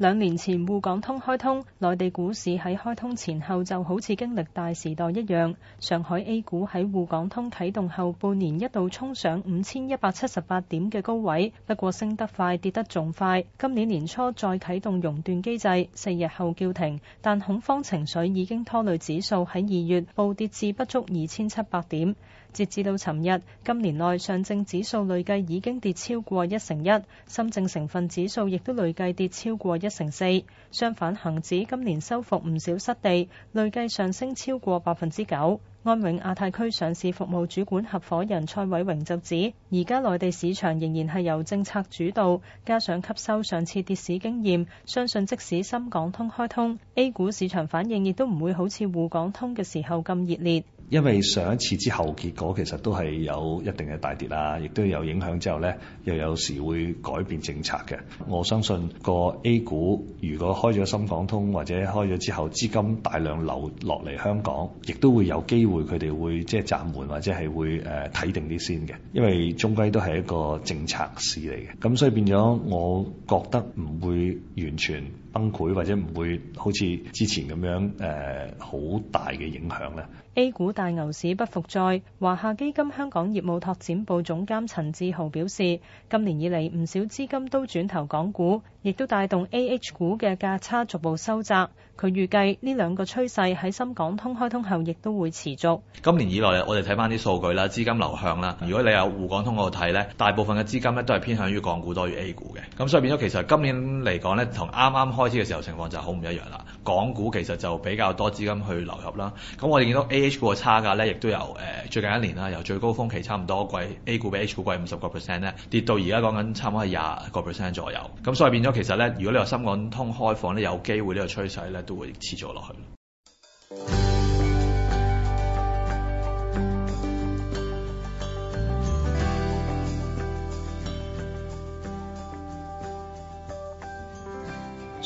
兩年前滬港通開通，內地股市喺開通前後就好似經歷大時代一樣。上海 A 股喺滬港通啟動後半年一度衝上五千一百七十八點嘅高位，不過升得快，跌得仲快。今年年初再啟動熔斷機制，四日後叫停，但恐慌情緒已經拖累指數喺二月暴跌至不足二千七百點。截至到尋日，今年內上證指數累計已經跌超過一成一，深證成分指數亦都累計跌超過一。一成四，相反，恒指今年收復唔少失地，累計上升超過百分之九。安永亞太區上市服務主管合伙人蔡偉榮就指，而家內地市場仍然係由政策主導，加上吸收上次跌市經驗，相信即使深港通開通，A 股市場反應亦都唔會好似滬港通嘅時候咁熱烈。因為上一次之後結果其實都係有一定嘅大跌啦，亦都有影響之後呢，又有時會改變政策嘅。我相信個 A 股如果開咗深港通或者開咗之後資金大量流落嚟香港，亦都會有機會佢哋會即係暫緩或者係會誒睇、呃、定啲先嘅。因為終歸都係一個政策市嚟嘅，咁所以變咗，我覺得唔會完全崩潰或者唔會好似之前咁樣誒好、呃、大嘅影響呢。A 股。大牛市不復再，華夏基金香港業務拓展部總監陳志豪表示，今年以嚟唔少資金都轉投港股，亦都帶動 A H 股嘅價差逐步收窄。佢預計呢兩個趨勢喺深港通開通後亦都會持續。今年以來，我哋睇翻啲數據啦，資金流向啦。如果你有滬港通嗰度睇呢，大部分嘅資金咧都係偏向於港股多於 A 股嘅。咁所以變咗，其實今年嚟講呢，同啱啱開始嘅時候情況就好唔一樣啦。港股其實就比較多資金去流入啦。咁我哋見到 A H 股個差價咧，亦都由誒、呃，最近一年啦，由最高峰期差唔多貴 A 股比 H 股貴五十個 percent 咧，跌到而家講緊差唔多係廿個 percent 左右。咁所以變咗其實咧，如果你話深港通開放咧，有機會呢個趨勢咧都會持續落去。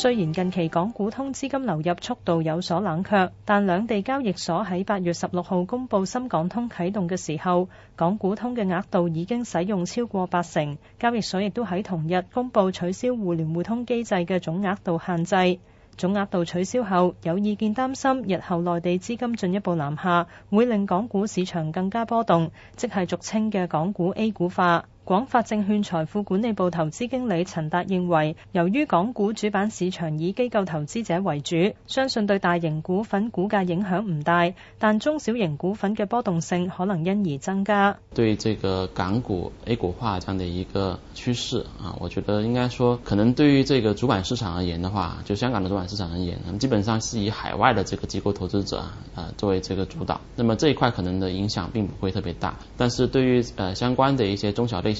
雖然近期港股通資金流入速度有所冷卻，但兩地交易所喺八月十六號公布深港通啟動嘅時候，港股通嘅額度已經使用超過八成，交易所亦都喺同日公布取消互聯互通機制嘅總額度限制。總額度取消後，有意見擔心日後內地資金進一步南下，會令港股市場更加波動，即係俗稱嘅港股 A 股化。廣發證券財富管理部投資經理陳達認為，由於港股主板市場以機構投資者為主，相信對大型股份股價影響唔大，但中小型股份嘅波動性可能因而增加。對這個港股 A 股化這樣的一個趨勢啊，我覺得應該說，可能對於這個主板市場而言的話，就香港的主板市場而言，咁基本上是以海外的這個機構投資者啊作為這個主導，那麼這一塊可能的影響並不會特別大，但是對於呃相關的一些中小類。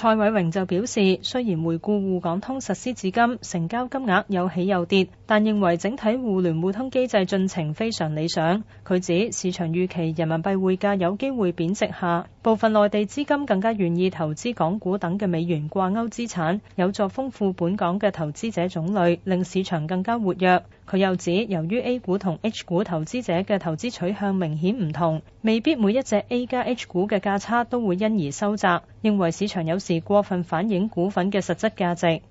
蔡偉榮就表示，雖然回顧滬港通實施至今，成交金額有起有跌，但認為整體互聯互通機制進程非常理想。佢指，市場預期人民幣匯價有機會貶值下，部分內地資金更加願意投資港股等嘅美元掛鈎資產，有助豐富本港嘅投資者種類，令市場更加活躍。佢又指，由於 A 股同 H 股投資者嘅投資取向明顯唔同，未必每一隻 A 加 H 股嘅價差都會因而收窄，認為市場有時過分反映股份嘅實質價值。